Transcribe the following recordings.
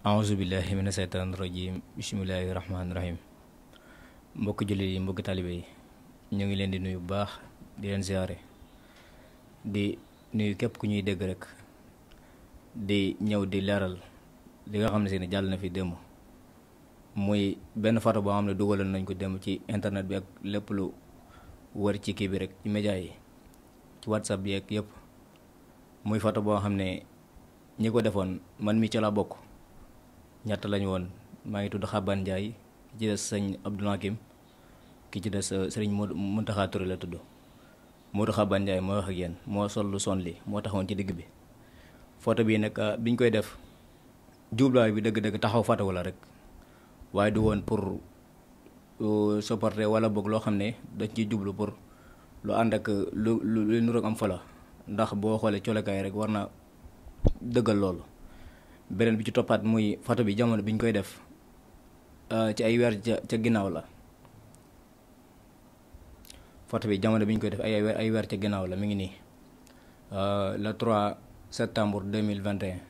aousubillahi mina seytaan rajim bisimilahi rahmaani rahim mbokk jullit yi mbokki talibe yi ñu ngi leen di nuyu bu baax di leen ziare di nuyu képp ku ñuy dégg rek di ñëw di leeral li nga xam ne si ne jàll na fi démb muy benn photo boo xam ne dugaloon nañ ko démb ci internet bi ak lépp lu wër ci kii bi rek ci média yi ci whatsapp bi ak yëpp muy photo boo xam ne ñi ko defoon man mi ci la bokk ñett lañu woon maa ngi tudd Xaban Ndiaye ki ci des sëñ Abdou Hakim ki ci des euh, sëriñ Modou Mountakha Touré la tudd Modou Xaban Ndiaye moo wax ak moo sol lu son li moo taxawoon ci digg bi photo bii nag euh, biñ koy def jublaay bi dëgg-dëgg taxaw fatawu la rek waaye du woon pour euh, supporter wala boog loo xam ne dañ ciy jublu pour lu ànd ak lu lu lu nuroog am fola ndax boo xoolee colokaay rek war na dëggal loolu beneen bi ci toppaat muy photo bi jamono bi ñu koy def euh, ci ay weer ca ginnaaw la photo bi jamono bi ñu koy def ay ay weer ca ginnaaw la mu ngi nii euh, le 3 septembre 2021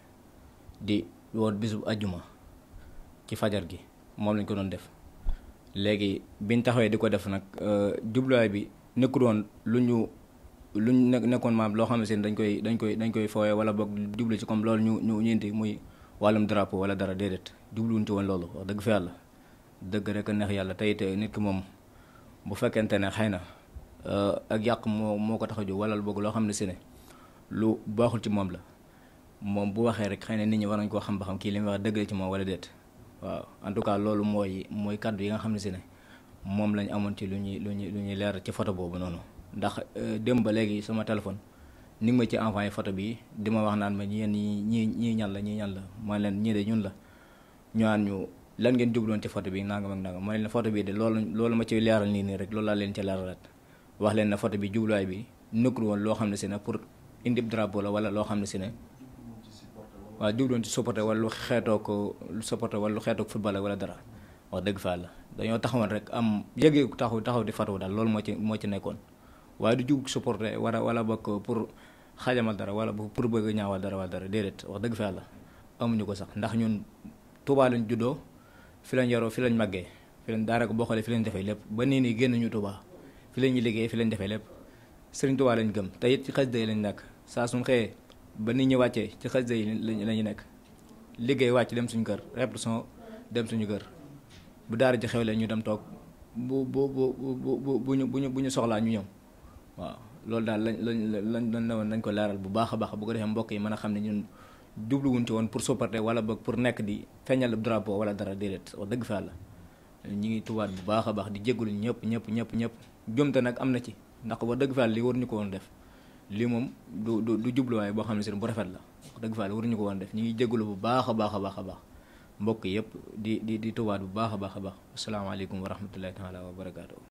di woon bisub ajjuma ci fajar gi moom lañ ko doon def léegi biñ taxawee di ko def nag euh, jubluwaay bi nekkul woon lu ñu luñ nekk nekkoon maam loo xamante ne dañ koy dañ koy dañ koy fooyee wala boog jublu ci comme loolu ñu ñu ñeenti muy wàllum drapeau wala dara déedéet jubluwuñ ci woon loolu wax dëgg fa yàlla dëgg rek a neex yàlla tey te nit ki moom bu fekkente ne xëy na euh, ak yàq moo moo ko tax a jóg wala boog loo xam ne si ne lu baaxul ci moom la moom bu waxee rek xëy na nit ñi war nañ koo xam ba xam kii li mu wax dëgg ci moom wala déet waaw en tout cas loolu mooy mooy kàddu yi nga xam ne si ne moom lañ amoon ci lu ñuy lu ñuy lu ñuy leer ci photo boobu noonu. ndax euh, démb ba léegi suma téléphone ni ma ci envoyé photo bi di ma wax naan ma ñeen ñi ñii ñii ñan la ñii ñan la ma leen ñii de ñun la ñu naan ñu lan ngeen jubloon ci photo bi nangam ak ma leen photo bi de loolu loolu ma ci leeral nii nii rek loolu laa leen wax leen na photo bi jubluwaay bi nëkkul woon loo xam ne si ne pour indi drapeau la wala loo xam ne si ne waaw jubloon ci supporter xeetoo ko supporter wala lu xeetoo wala dara wax dëgg fa dañoo taxawoon rek am yëgee taxaw taxaw di fatu daal loolu moo ci moo ci nekkoon waaye du jug supporter wala wala bokk pour xajamal dara wala pour bëgg ñaawal dara wala dara déedéet wax dëgg fa yàlla amuñu ko sax ndax ñun Touba lañu juddoo fi lañ yaroo fi lañ màggee fi lañ daara ko boo xoolee fi lañ defee lépp ba nii nii génn ñu Touba fi lañuy liggéey fi lañ defee lépp Sëriñ Touba lañ gëm te it ci xasida yi lañ nekk saa suñ xëyee ba nit ñi wàccee ci xasida yi lañu nekk liggéey wàcc dem suñu kër répression dem suñu kër bu daara ji xewle ñu dem toog bu bu bu bu bu bu ñu bu ñu soxlaa ñu ñëw waaw loolu daal lañ lañ lañ doon nañ ko laaral bu baax a baax bu ko defee mbokk yi mën a xam ne ñun jubluwuñ ci woon pour sopparte wala boog pour nekk di feeñal drapeau wala dara déedéet wax dëgg fa yàlla ñu ngi tubaat bu baax a baax di jégalu ñëpp ñëpp ñëpp ñëpp jomte nag am na ci ndax wax dëgg fa lii war ñu ko woon def lii moom du du du jubluwaay boo xam ne si rafet la dëgg fa yàlla ko woon def ñu ngi jégalu bu baax a baax a baax a baax mbokk yëpp di di di tubaat bu baax a baax a baax asalaamaaleykum wa rahmatullahi taala wa barakaatu